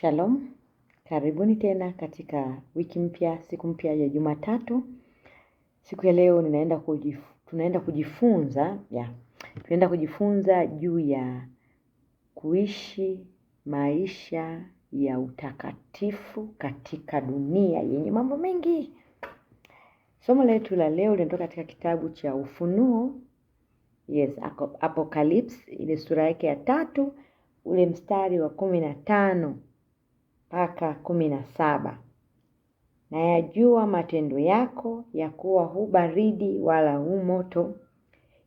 Shalom, karibuni tena katika wiki mpya, siku mpya ya Jumatatu. Siku ya leo ninaenda kujif, tunaenda kujifunza yeah, tunaenda kujifunza juu ya kuishi maisha ya utakatifu katika dunia yenye mambo mengi. Somo letu la leo linatoka katika kitabu cha Ufunuo, yes, Apocalypse, ile sura yake ya tatu ule mstari wa kumi na tano mpaka kumi na saba nayajua matendo yako ya kuwa hu baridi wala hu moto.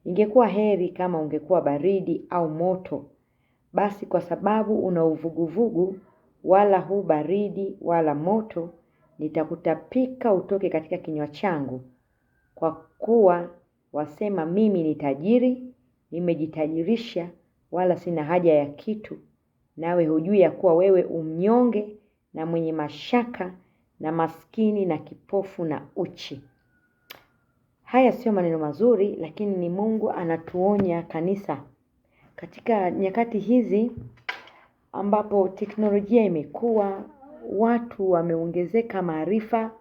Ingekuwa heri kama ungekuwa baridi au moto, basi kwa sababu una uvuguvugu, wala hu baridi wala moto, nitakutapika utoke katika kinywa changu. Kwa kuwa wasema, mimi ni tajiri, nimejitajirisha, wala sina haja ya kitu, nawe hujui ya kuwa wewe umnyonge na mwenye mashaka na maskini na kipofu na uchi. Haya sio maneno mazuri, lakini ni Mungu anatuonya kanisa katika nyakati hizi ambapo teknolojia imekuwa, watu wameongezeka maarifa,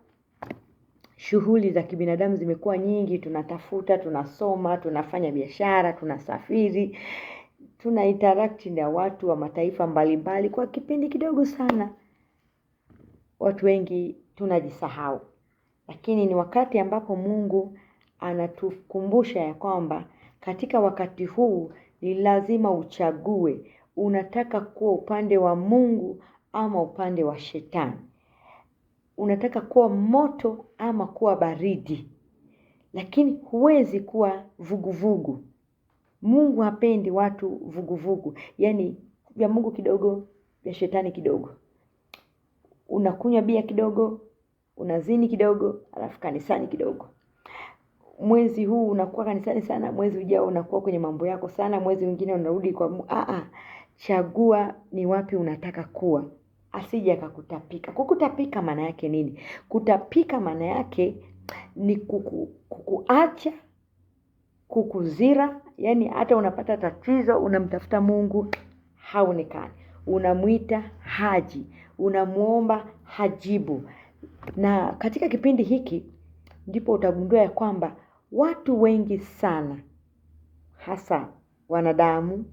shughuli za kibinadamu zimekuwa nyingi, tunatafuta, tunasoma, tunafanya biashara, tunasafiri tuna interact na watu wa mataifa mbalimbali kwa kipindi kidogo sana. Watu wengi tunajisahau, lakini ni wakati ambapo Mungu anatukumbusha ya kwamba katika wakati huu ni lazima uchague, unataka kuwa upande wa Mungu ama upande wa Shetani, unataka kuwa moto ama kuwa baridi, lakini huwezi kuwa vuguvugu vugu. Mungu hapendi watu vuguvugu, yani vya Mungu kidogo, vya shetani kidogo. Unakunywa bia kidogo, unazini kidogo, alafu kanisani kidogo. Mwezi huu unakuwa kanisani sana, mwezi ujao unakuwa kwenye mambo yako sana, mwezi mwingine unarudi kwa Mungu. Aa, ah, ah. chagua ni wapi unataka kuwa, asije akakutapika. Kukutapika maana yake nini? Kutapika maana yake ni kuku, kukuacha kukuzira, yani hata unapata tatizo unamtafuta Mungu haonekani, unamwita haji, unamwomba hajibu. Na katika kipindi hiki ndipo utagundua ya kwamba watu wengi sana, hasa wanadamu,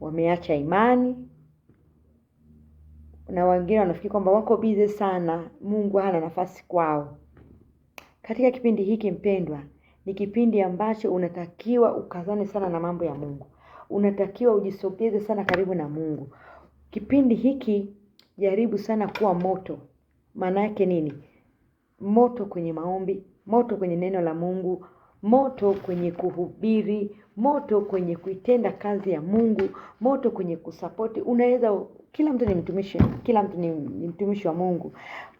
wameacha imani na wengine wanafikiri kwamba wako bize sana, Mungu hana nafasi kwao. Katika kipindi hiki mpendwa ni kipindi ambacho unatakiwa ukazane sana na mambo ya Mungu, unatakiwa ujisogeze sana karibu na Mungu. Kipindi hiki jaribu sana kuwa moto. Maana yake nini? Moto kwenye maombi, moto kwenye neno la Mungu, moto kwenye kuhubiri, moto kwenye kuitenda kazi ya Mungu, moto kwenye kusapoti. Unaweza, kila mtu ni mtumishi, kila mtu ni mtumishi wa Mungu.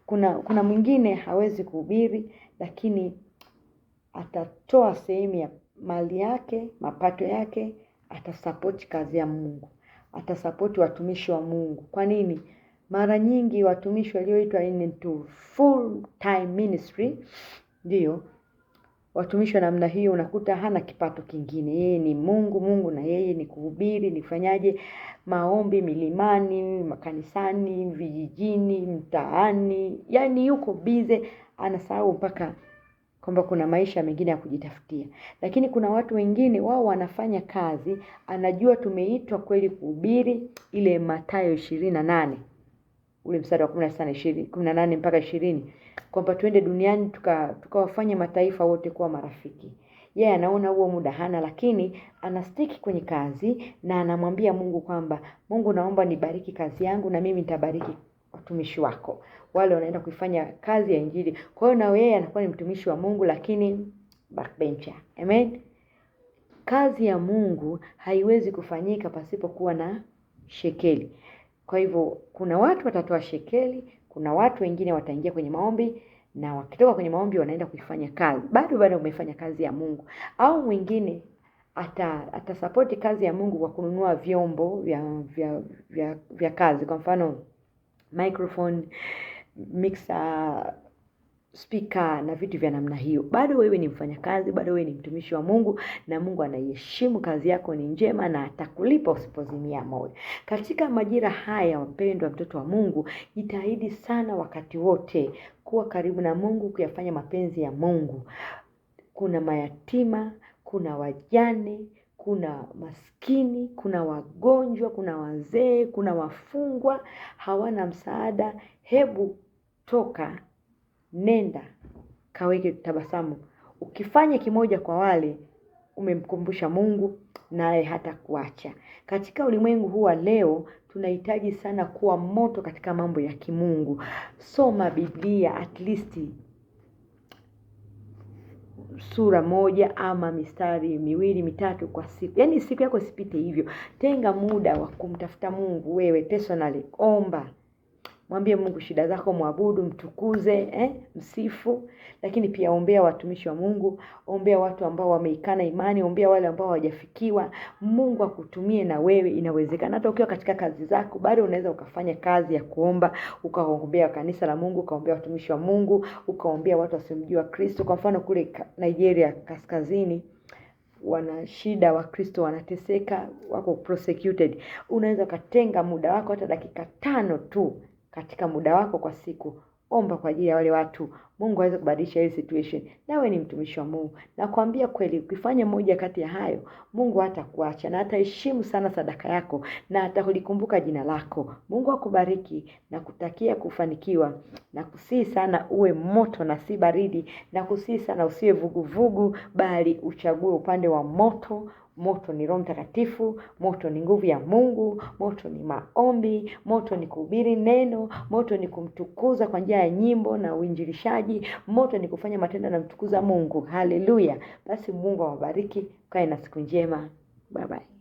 Kuna kuna mwingine hawezi kuhubiri, lakini atatoa sehemu ya mali yake, mapato yake, atasapoti kazi ya Mungu, atasapoti watumishi wa Mungu. Kwa nini? Mara nyingi watumishi walioitwa into full time ministry, ndio watumishi wa namna hiyo, unakuta hana kipato kingine, yeye ni Mungu Mungu, na yeye ni kuhubiri, ni kufanyaje maombi milimani, makanisani, vijijini, mtaani, yani yuko bize, anasahau mpaka kwamba kuna maisha mengine ya kujitafutia. Lakini kuna watu wengine wao wanafanya kazi, anajua tumeitwa kweli kuhubiri ile Mathayo ishirini na nane ule mstari wa kumi na ishirini kumi na nane mpaka ishirini kwamba twende duniani tukawafanye tuka mataifa wote kuwa marafiki. Yeye yeah, anaona huo muda hana, lakini anastiki kwenye kazi na anamwambia Mungu kwamba Mungu, naomba nibariki kazi yangu na mimi nitabariki utumishi wako, wale wanaenda kuifanya kazi ya Injili. Kwa hiyo na wewe anakuwa ni mtumishi wa Mungu, lakini backbencher. Amen. Kazi ya Mungu haiwezi kufanyika pasipokuwa na shekeli. Kwa hivyo kuna watu watatoa shekeli, kuna watu wengine wataingia kwenye maombi na wakitoka kwenye maombi wanaenda kuifanya kazi, bado bado umefanya kazi ya Mungu. Au mwingine ata atasapoti kazi ya Mungu kwa kununua vyombo vya vya, vya, vya kazi, kwa mfano microphone mixer spika na vitu vya namna hiyo. Bado wewe ni mfanyakazi, bado wewe ni mtumishi wa Mungu, na Mungu anaiheshimu kazi yako, ni njema na atakulipa usipozimia moyo. Katika majira haya, wapendwa, mtoto wa Mungu, jitahidi sana wakati wote kuwa karibu na Mungu, kuyafanya mapenzi ya Mungu. Kuna mayatima, kuna wajane kuna maskini, kuna wagonjwa, kuna wazee, kuna wafungwa hawana msaada. Hebu toka, nenda kaweke tabasamu. Ukifanya kimoja kwa wale, umemkumbusha Mungu naye hatakuacha. Katika ulimwengu huu wa leo, tunahitaji sana kuwa moto katika mambo ya kimungu. Soma Biblia at least sura moja ama mistari miwili mitatu kwa siku, yaani siku yako isipite hivyo. Tenga muda wa kumtafuta Mungu wewe personally, omba mwambie Mungu shida zako, mwabudu, mtukuze eh, msifu. Lakini pia ombea watumishi wa Mungu, ombea watu ambao wameikana imani, ombea wale ambao hawajafikiwa. Mungu akutumie na wewe, inawezekana. Hata ukiwa katika kazi zako bado unaweza ukafanya kazi ya kuomba, ukaombea kanisa la Mungu, ukaombea watumishi wa Mungu, ukaombea watu wasiomjua Kristo. Kwa mfano kule Nigeria kaskazini wana shida, Wakristo wanateseka, wako prosecuted. Unaweza ukatenga muda wako hata dakika tano tu katika muda wako kwa siku. Omba kwa ajili ya wale watu, Mungu aweze kubadilisha hii situation. Nawe ni mtumishi wa Mungu, nakwambia kweli, ukifanya moja kati ya hayo, Mungu hatakuacha na ataheshimu sana sadaka yako na atakulikumbuka jina lako. Mungu akubariki na kutakia kufanikiwa, na kusii sana uwe moto na si baridi, na kusii sana usiwe vuguvugu, bali uchague upande wa moto Moto ni Roho Mtakatifu, moto ni nguvu ya Mungu, moto ni maombi, moto ni kuhubiri neno, moto ni kumtukuza kwa njia ya nyimbo na uinjilishaji, moto ni kufanya matendo na mtukuza Mungu. Haleluya! Basi Mungu awabariki, ukae na siku njema. Bye bye.